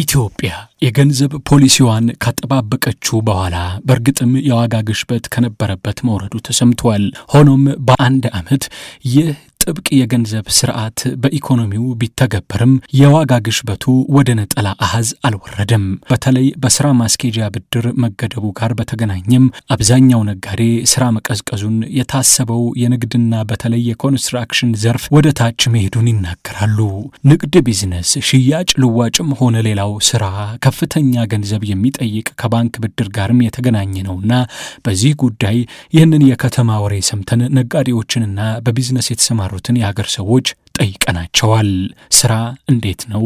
ኢትዮጵያ የገንዘብ ፖሊሲዋን ካጠባበቀችው በኋላ በእርግጥም የዋጋ ግሽበት ከነበረበት መውረዱ ተሰምቷል። ሆኖም በአንድ ዓመት ይህ ጥብቅ የገንዘብ ስርዓት በኢኮኖሚው ቢተገበርም የዋጋ ግሽበቱ ወደ ነጠላ አሃዝ አልወረደም። በተለይ በስራ ማስኬጃ ብድር መገደቡ ጋር በተገናኘም አብዛኛው ነጋዴ ስራ መቀዝቀዙን የታሰበው የንግድና በተለይ የኮንስትራክሽን ዘርፍ ወደ ታች መሄዱን ይናገራሉ። ንግድ ቢዝነስ፣ ሽያጭ ልዋጭም ሆነ ሌላው ስራ ከፍተኛ ገንዘብ የሚጠይቅ ከባንክ ብድር ጋርም የተገናኘ ነውና በዚህ ጉዳይ ይህንን የከተማ ወሬ ሰምተን ነጋዴዎችንና በቢዝነስ የተሰማሩ የተቀሩትን የሀገር ሰዎች ጠይቀናቸዋል። ስራ እንዴት ነው?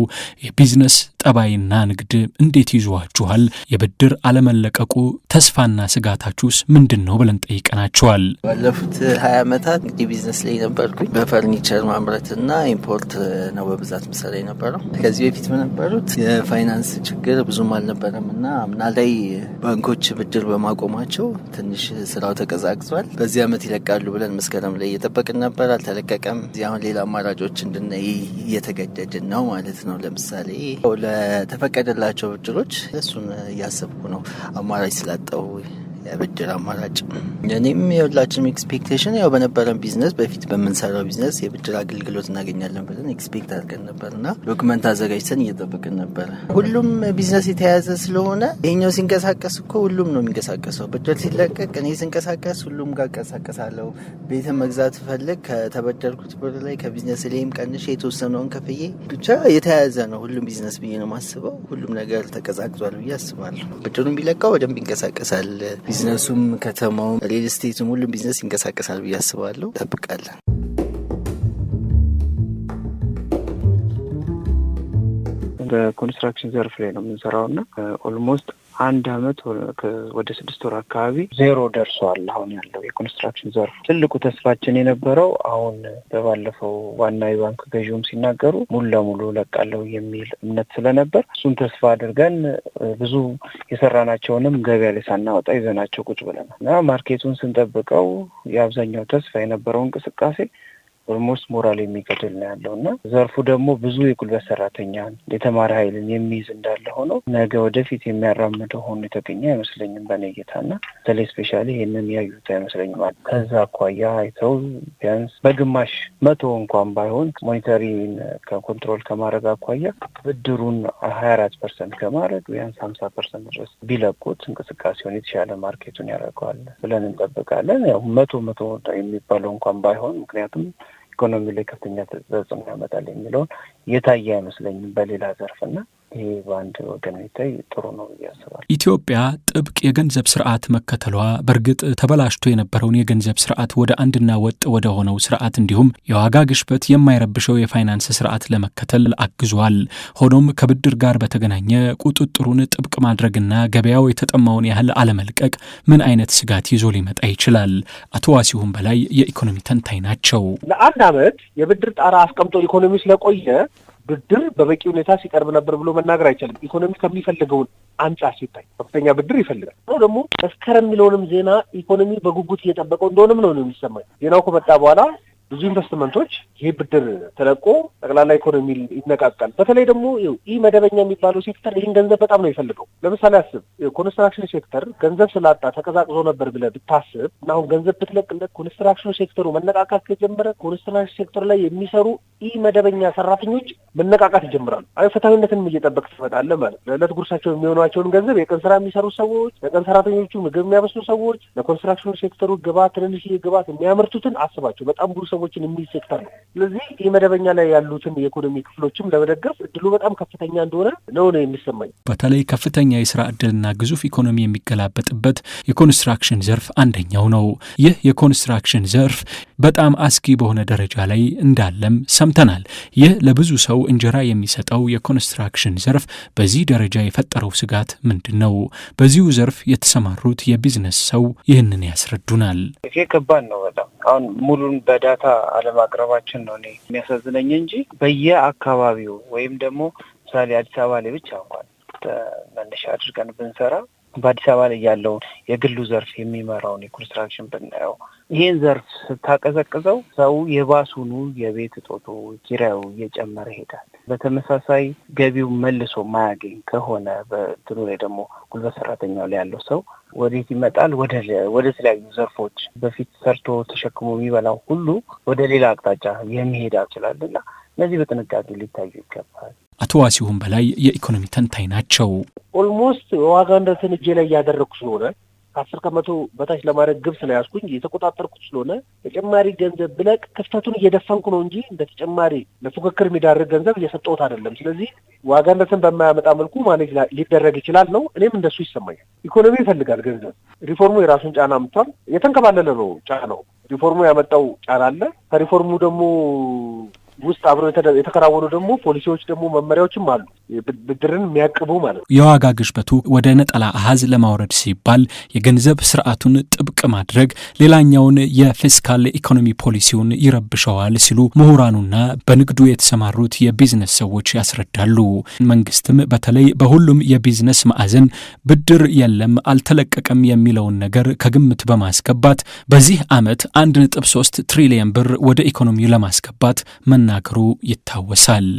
የቢዝነስ ጠባይና ንግድ እንዴት ይዟችኋል? የብድር አለመለቀቁ ተስፋና ስጋታችሁስ ምንድን ነው ብለን ጠይቀናቸዋል። ባለፉት ሀያ ዓመታት እንግዲህ ቢዝነስ ላይ ነበርኩኝ። በፈርኒቸር ማምረትና ኢምፖርት ነው በብዛት ምሰራ የነበረው። ከዚህ በፊት በነበሩት የፋይናንስ ችግር ብዙም አልነበረም እና አምና ላይ ባንኮች ብድር በማቆማቸው ትንሽ ስራው ተቀዛቅዟል። በዚህ ዓመት ይለቃሉ ብለን መስከረም ላይ እየጠበቅን ነበር፣ አልተለቀቀም። እዚህ አሁን ሌላ አማራጮ ብድሮች እንድናይ እየተገደድን ነው ማለት ነው። ለምሳሌ ለተፈቀደላቸው ብድሮች እሱን እያሰብኩ ነው አማራጭ ስላጠው የብድር አማራጭ እኔም የሁላችንም ኤክስፔክቴሽን ያው በነበረን ቢዝነስ በፊት በምንሰራው ቢዝነስ የብድር አገልግሎት እናገኛለን ብለን ኤክስፔክት አድርገን ነበር እና ዶክመንት አዘጋጅተን እየጠበቅን ነበረ። ሁሉም ቢዝነስ የተያዘ ስለሆነ ይሄኛው ሲንቀሳቀስ እኮ ሁሉም ነው የሚንቀሳቀሰው። ብድር ሲለቀቅ እኔ ስንቀሳቀስ ሁሉም ጋር እንቀሳቀሳለሁ። ቤት መግዛት ፈልግ ከተበደርኩት ብር ላይ ከቢዝነስ ላይም ቀንሽ የተወሰነውን ከፍዬ ብቻ የተያዘ ነው ሁሉም ቢዝነስ ብዬ ነው የማስበው። ሁሉም ነገር ተቀዛቅዟል ብዬ አስባለሁ። ብድሩን ቢለቀው በደንብ ይንቀሳቀሳል። ቢዝነሱም ከተማውም ሪል ስቴቱም ሁሉም ቢዝነስ ይንቀሳቀሳል ብዬ አስባለሁ። ጠብቃለን። በኮንስትራክሽን ዘርፍ ላይ ነው የምንሰራው እና ኦልሞስት አንድ አመት ወደ ስድስት ወር አካባቢ ዜሮ ደርሷል። አሁን ያለው የኮንስትራክሽን ዘርፍ ትልቁ ተስፋችን የነበረው አሁን በባለፈው ዋና የባንክ ገዢውም ሲናገሩ ሙሉ ለሙሉ ለቃለሁ የሚል እምነት ስለነበር እሱን ተስፋ አድርገን ብዙ የሰራናቸውንም ገበያ ላይ ሳናወጣ ይዘናቸው ቁጭ ብለናል እና ማርኬቱን ስንጠብቀው የአብዛኛው ተስፋ የነበረው እንቅስቃሴ ኦልሞስት ሞራል የሚገድል ነው ያለው እና ዘርፉ ደግሞ ብዙ የጉልበት ሰራተኛን የተማረ ሀይልን የሚይዝ እንዳለ ሆኖ ነገ ወደፊት የሚያራምደው ሆኖ የተገኘ አይመስለኝም በእኔ እይታ እና በተለይ ስፔሻሊ ይህንን ያዩት አይመስለኝም አለ ከዛ አኳያ አይተው ቢያንስ በግማሽ መቶ እንኳን ባይሆን ሞኒተሪ ከኮንትሮል ከማድረግ አኳያ ብድሩን ሀያ አራት ፐርሰንት ከማድረግ ቢያንስ ሀምሳ ፐርሰንት ድረስ ቢለቁት እንቅስቃሴውን የተሻለ ማርኬቱን ያደርገዋል ብለን እንጠብቃለን። ያው መቶ መቶ የሚባለው እንኳን ባይሆን ምክንያቱም ኢኮኖሚ ላይ ከፍተኛ ተጽዕኖ ያመጣል የሚለውን የታየ አይመስለኝም በሌላ ዘርፍ እና ይሄ በአንድ ወገን ይታይ ጥሩ ነው ብዬ አስባለሁ። ኢትዮጵያ ጥብቅ የገንዘብ ስርዓት መከተሏ በእርግጥ ተበላሽቶ የነበረውን የገንዘብ ስርዓት ወደ አንድና ወጥ ወደ ሆነው ስርዓት እንዲሁም የዋጋ ግሽበት የማይረብሸው የፋይናንስ ስርዓት ለመከተል አግዟል። ሆኖም ከብድር ጋር በተገናኘ ቁጥጥሩን ጥብቅ ማድረግና ገበያው የተጠማውን ያህል አለመልቀቅ ምን አይነት ስጋት ይዞ ሊመጣ ይችላል? አቶ ዋሲሁን በላይ የኢኮኖሚ ተንታኝ ናቸው። ለአንድ አመት የብድር ጣራ አስቀምጦ ኢኮኖሚ ስለቆየ ብድር በበቂ ሁኔታ ሲቀርብ ነበር ብሎ መናገር አይቻልም። ኢኮኖሚ ከሚፈልገውን አንጻር ሲታይ ከፍተኛ ብድር ይፈልጋል። ነው ደግሞ መስከረም የሚለውንም ዜና ኢኮኖሚ በጉጉት እየጠበቀው እንደሆነም ነው የሚሰማኝ። ዜናው ከመጣ በኋላ ብዙ ኢንቨስትመንቶች ይህ ብድር ተለቆ ጠቅላላ ኢኮኖሚ ይነቃቃል። በተለይ ደግሞ ይህ መደበኛ የሚባለው ሴክተር ይህን ገንዘብ በጣም ነው የፈልገው። ለምሳሌ አስብ፣ ኮንስትራክሽን ሴክተር ገንዘብ ስላጣ ተቀዛቅዞ ነበር ብለህ ብታስብ እና አሁን ገንዘብ ብትለቅለት ኮንስትራክሽን ሴክተሩ መነቃቃት ከጀመረ ኮንስትራክሽን ሴክተር ላይ የሚሰሩ ኢ መደበኛ ሰራተኞች መነቃቃት ይጀምራሉ። አይ ፍትሐዊነትንም እየጠበቅ ትመጣለህ ማለት ለዕለት ጉርሳቸው የሚሆኗቸውን ገንዘብ የቀን ስራ የሚሰሩ ሰዎች፣ ለቀን ሰራተኞቹ ምግብ የሚያበስሉ ሰዎች፣ ለኮንስትራክሽን ሴክተሩ ግባት ትንንሽ ግባት የሚያመርቱትን አስባቸው። በጣም ብዙ ሰዎችን የሚል ሴክተር ነው። ስለዚህ ኢ መደበኛ ላይ ያሉትን የኢኮኖሚ ክፍሎችም ለመደገፍ እድሉ በጣም ከፍተኛ እንደሆነ ነው ነው የሚሰማኝ። በተለይ ከፍተኛ የስራ እድልና ግዙፍ ኢኮኖሚ የሚገላበጥበት የኮንስትራክሽን ዘርፍ አንደኛው ነው። ይህ የኮንስትራክሽን ዘርፍ በጣም አስጊ በሆነ ደረጃ ላይ እንዳለም ሰምተናል። ይህ ለብዙ ሰው እንጀራ የሚሰጠው የኮንስትራክሽን ዘርፍ በዚህ ደረጃ የፈጠረው ስጋት ምንድን ነው? በዚሁ ዘርፍ የተሰማሩት የቢዝነስ ሰው ይህንን ያስረዱናል። ይሄ ከባድ ነው በጣም አሁን ሙሉን በዳታ አለማቅረባችን ነው እኔ የሚያሳዝነኝ እንጂ በየአካባቢው ወይም ደግሞ ምሳሌ አዲስ አበባ ላይ ብቻ እንኳን መነሻ አድርገን ብንሰራ በአዲስ አበባ ላይ ያለውን የግሉ ዘርፍ የሚመራውን የኮንስትራክሽን ብናየው ይህን ዘርፍ ስታቀዘቅዘው ሰው የባሱኑ የቤት እጦቱ ኪራዩ እየጨመረ ይሄዳል። በተመሳሳይ ገቢው መልሶ ማያገኝ ከሆነ በትኑ ላይ ደግሞ ጉልበት ሰራተኛው ላይ ያለው ሰው ወዴት ይመጣል? ወደ ተለያዩ ዘርፎች በፊት ሰርቶ ተሸክሞ የሚበላው ሁሉ ወደ ሌላ አቅጣጫ የሚሄድ ይችላል እና እነዚህ በጥንቃቄ ሊታዩ ይገባል። አቶ ዋሲሁን በላይ የኢኮኖሚ ተንታኝ ናቸው። ኦልሞስት ዋጋ ንረትን እጄ ላይ እያደረግኩ ስለሆነ ከአስር ከመቶ በታች ለማድረግ ግብ ስለያዝኩኝ የተቆጣጠርኩት ስለሆነ ተጨማሪ ገንዘብ ብለቅ ክፍተቱን እየደፈንኩ ነው እንጂ እንደ ተጨማሪ ለፉክክር የሚዳርግ ገንዘብ እየሰጠሁት አይደለም። ስለዚህ ዋጋ ንረትን በማያመጣ መልኩ ማኔጅ ሊደረግ ይችላል ነው። እኔም እንደሱ ይሰማኛል። ኢኮኖሚ ይፈልጋል ገንዘብ። ሪፎርሙ የራሱን ጫና አምጥቷል። የተንከባለለ ነው ጫናው። ሪፎርሙ ያመጣው ጫና አለ። ከሪፎርሙ ደግሞ ውስጥ አብረው የተከናወኑ ደግሞ ፖሊሲዎች ደግሞ መመሪያዎችም አሉ። ብድርን የሚያቅቡ ማለት ነው። የዋጋ ግሽበቱ ወደ ነጠላ አሃዝ ለማውረድ ሲባል የገንዘብ ስርዓቱን ጥብቅ ማድረግ ሌላኛውን የፊስካል ኢኮኖሚ ፖሊሲውን ይረብሸዋል ሲሉ ምሁራኑና በንግዱ የተሰማሩት የቢዝነስ ሰዎች ያስረዳሉ። መንግስትም በተለይ በሁሉም የቢዝነስ ማዕዘን ብድር የለም አልተለቀቀም የሚለውን ነገር ከግምት በማስገባት በዚህ ዓመት 1.3 ትሪሊየን ብር ወደ ኢኮኖሚው ለማስገባት መናገሩ ይታወሳል።